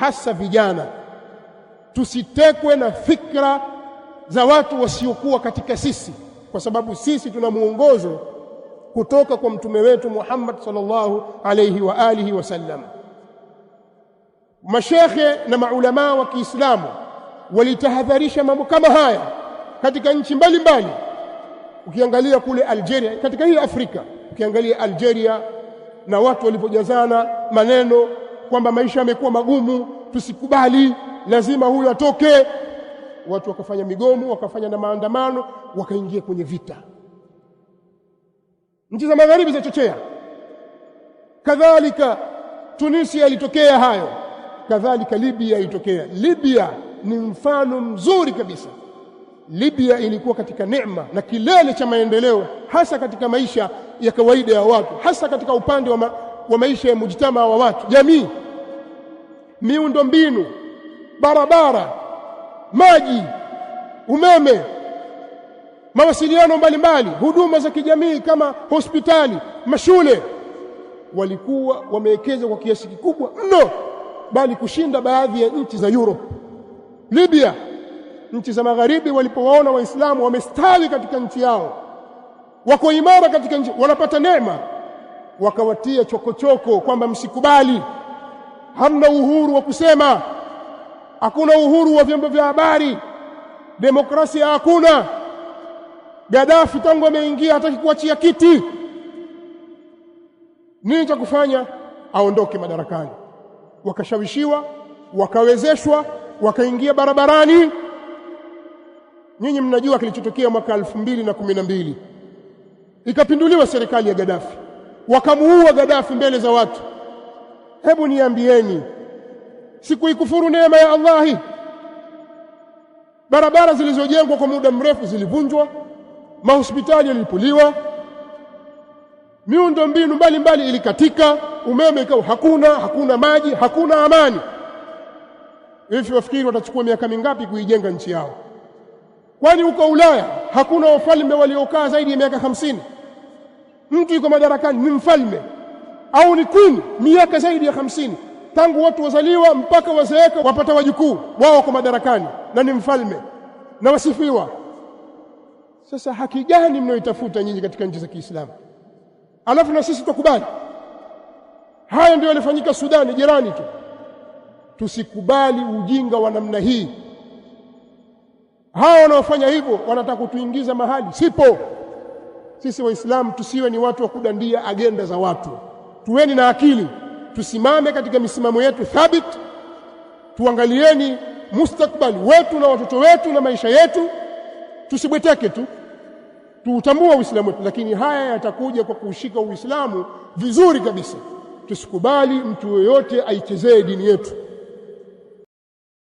hasa vijana, tusitekwe na fikra za watu wasiokuwa katika sisi, kwa sababu sisi tuna mwongozo kutoka kwa mtume wetu Muhammad sallallahu alayhi wa alihi wasallam. Mashekhe na maulamaa wa Kiislamu walitahadharisha mambo kama haya katika nchi mbalimbali. Ukiangalia kule Algeria, katika hii Afrika, ukiangalia Algeria na watu walipojazana maneno kwamba maisha yamekuwa magumu, tusikubali, lazima huyo atoke. Watu wakafanya migomo, wakafanya na maandamano, wakaingia kwenye vita. Nchi za magharibi zinachochea kadhalika. Tunisia ilitokea hayo, kadhalika Libya ilitokea. Libya ni mfano mzuri kabisa. Libya ilikuwa katika neema na kilele cha maendeleo, hasa katika maisha ya kawaida ya watu, hasa katika upande wa wa maisha ya mujtama wa watu, jamii, miundo mbinu, barabara, maji, umeme, mawasiliano mbalimbali, huduma za kijamii kama hospitali, mashule, walikuwa wamewekeza kwa kiasi kikubwa mno, bali kushinda baadhi ya nchi za Europe. Libya, nchi za magharibi walipowaona Waislamu wamestawi katika nchi yao, wako imara katika nchi, wanapata neema wakawatia chokochoko kwamba msikubali, hamna uhuru wa kusema, hakuna uhuru wa vyombo vya habari, demokrasia hakuna. Gaddafi tangu ameingia hataki kuachia kiti. Nini cha kufanya? Aondoke madarakani. Wakashawishiwa, wakawezeshwa, wakaingia barabarani. Nyinyi mnajua kilichotokea mwaka elfu mbili na kumi na mbili, ikapinduliwa serikali ya Gaddafi wakamuua Gaddafi mbele za watu. Hebu niambieni, sikuikufuru neema ya Allahi? Barabara zilizojengwa kwa muda mrefu zilivunjwa, mahospitali yalipuliwa, miundo mbinu mbalimbali ilikatika, umeme ikawa hakuna, hakuna maji, hakuna amani. Hivi wafikiri watachukua miaka mingapi kuijenga nchi yao? Kwani huko Ulaya hakuna wafalme waliokaa zaidi ya miaka hamsini? mtu yuko madarakani ni mfalme au ni queen miaka zaidi ya hamsini tangu watu wazaliwa mpaka wazeeka wapata wajukuu wao wako madarakani na ni mfalme na wasifiwa sasa haki gani mnayoitafuta nyinyi katika nchi za Kiislamu alafu na sisi tukubali haya ndio yalifanyika Sudani jirani tu tusikubali ujinga wa namna hii hao wanaofanya hivyo wanataka kutuingiza mahali sipo sisi waislamu tusiwe ni watu wa kudandia agenda za watu tuweni na akili tusimame katika misimamo yetu thabit tuangalieni mustakbali wetu na watoto wetu na maisha yetu tusibweteke tu tuutambua uislamu wetu lakini haya yatakuja kwa kuushika uislamu vizuri kabisa tusikubali mtu yoyote aichezee dini yetu